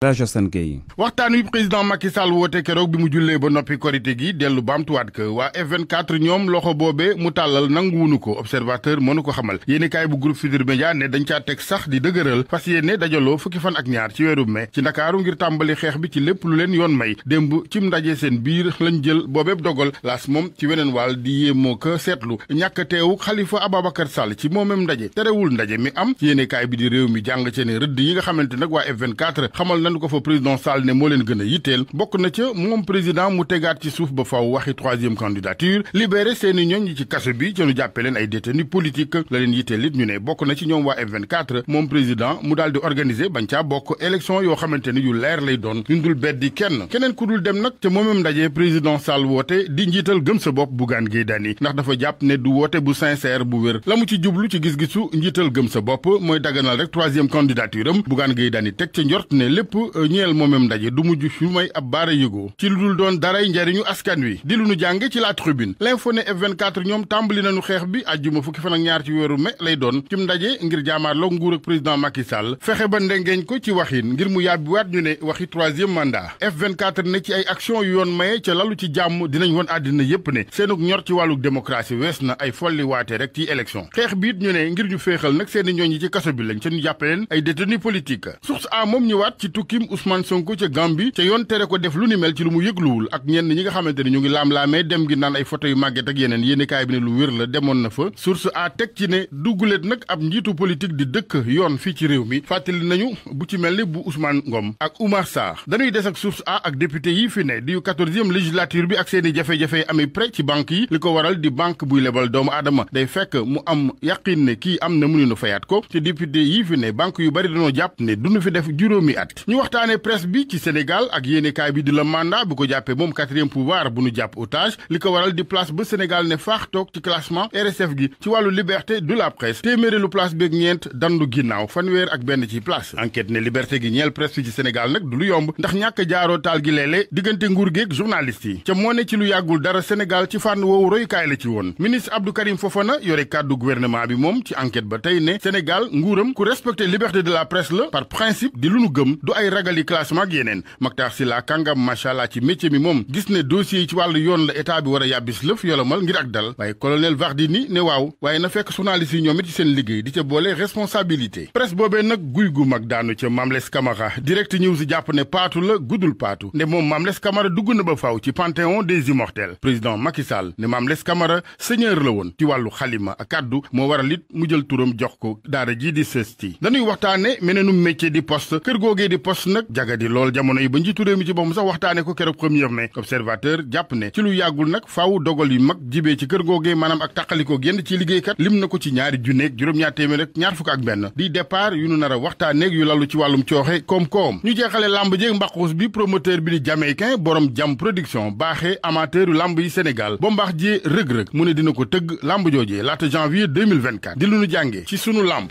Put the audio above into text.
waxtaan wi président Macky Sall woote keroog bi mu jullee ba noppi korite gi dellu baamtuwaat ko waa F24 ñoom loxo boobee mu tàllal nanguwunu ko observateur mënu ko xamal yéenekaay bu groupe Futurs Médias ne dañ caa teg sax di dëgëral fas yéene dajaloo fukki fan ak ñaar ci weeru mai ci ndakaaru ngir tàmbali xeex bi ci lépp lu leen yoon may démb cim ndaje seen biir lañ jël boobeeb dogal laas moom ci weneen wàll di yéemoo ko seetlu ñàkk teewu Khalifa Ababacar Sall ci moomem ndaje terewul ndaje mi am ci yéenekaay bi di réew mi jàng ci ne rëdd yi nga xamante nag waa F24 nañu ko fa président Sall ne moo leen gën a yitteel bokk na ca moom président mu tegaat ci suuf ba faw waxi troisième candidature libéré seeni ñoñ ci kaso bi ca ñu jàppe leen ay détenus politique la leen yitteel ñu ne bokk na ci ñoom waa f moom président mu daal di bañ caa bokk élection yoo xamante ni yu leer lay doon ñu dul beddi kenn keneen ku dul dem nag te moomam ndaje président Sall woote di njiital gëm sa bopp Bougane Gueye Euh, ñeel moomem ndaje du mujj su may ab baara yëgoo ci lu dul doon daray njariñu askan wi di lu nu jàng ci la tribune l'info ne F24 ñoom tàmbali nañu xeex bi àjjuma fukki fan ak ñaar ci weeru mai lay doon cim ndaje ngir jaamaarloo nguur ak président Macky Sall fexe ba ndengeeñ ko ci waxin ngir mu yàbbiwaat ñu ne waxi troisième mandat f ne ci ay action yu yoon maye ca lalu ci jàmm dinañ woon àddina yépp ne seenug ñor ci wàllu démocratie wees rek ci élection xeex bi it ñu ne ngir ñu féexal nag seeni yi ci kaso bi lañ seenu tukkim Ousmane Sonko ca Gambie ca yoon tere ko def lu ni mel ci lu mu yëgluwul ak ñenn ñi nga xamante ne ñu ngi laam-laamee dem gi naan ay photo yu màgget ak yeneen yéenekaay bi ne lu wér la demoon na fa source a teg ci ne dugguleet nag ab njiitu politique di dëkk yoon fii ci réew mi fàttali nañu bu ci mel ni bu usmaan Ngom ak Oumar Sarr dañuy des ak source a ak député yi fi ne di quatorzième législature bi ak seeni jafe-jafe amee prêt ci banque yi li ko waral di banque buy lebal doomu aadama day fekk am yaqin ne kii am na mënuñu fayaat ko te député yi ne banque yu bari dañoo jàpp ne duñu fi def juróomi at waxtaanee presse bi ci Sénégal ak yéenekaay bi di la mandat bu ko jàppee moom quatrième pouvoir bu nu jàpp otage li ko waral di place ba Sénégal ne faax toog ci classement RSF gi ci wàllu liberté du la presse téeméeri lu place beeg ñeent dandu ginnaaw fanweer ak benn ci place enquête ne liberté gi ñeel presse bi ci Sénégal nag du lu yomb ndax ñàkk jaaroo taal gi léeg diggante nguur geeg journaliste yi ca moo ne ci lu yàggul dara Sénégal ci fànn woow royukaay la ci woon ministre Abdou Karim Fofana yore kàddu gouvernement bi moom ci enquête ba tey ne Sénégal nguuram ku respecter liberté de la presse la par principe di lu gëm ay ragali classement ak yeneen Mactar Sylla kàngam macha allah ci métier mi moom gis ne dossier yi ci wàllu yoon la état bi war a yàbbis lëf yolomal ngir ak dal waaye colonel Vardini ne waaw waaye na fekk journaliste yi ñoom ci seen liggéey di ca boole responsabilité presse boobee nag guy gu mag daanu ca Mamles Camara direct news jàpp ne paatu la guddul paatu ne moom Mamles Camara dugg na ba faw ci panthéon des immortels président Macky Sall ne Mamles Camara la woon ci wàllu xalima ak moo waral it mu jël turam jox ko daara di sësti dañuy tas nag jagadi lool jamono yi ba njiitu réew mi ci boppam sax waxtaane ko keroog premier mai observateur jàpp ne ci lu yàggul nag faaw dogal yu mag jibee ci kër googee maanaam ak tàqalikoo genn ci liggéeykat lim na ko ci ñaari junneeg juróom-ñaar téeméer ak ñaar fukk ak benn di départ yu nu nar a waxtaaneeg yu lalu ci wàllum cooxe koom-koom ñu jeexale làmb jéeg mbaqus bi promoteur bi di jamaïcain borom jam production baaxee amateur làmb yi Sénégal ba mbaax jee rëg-rëg mu ne dina ko tëgg làmb joojee laata janvier 2024 di lu nu jàngee ci sunu làmb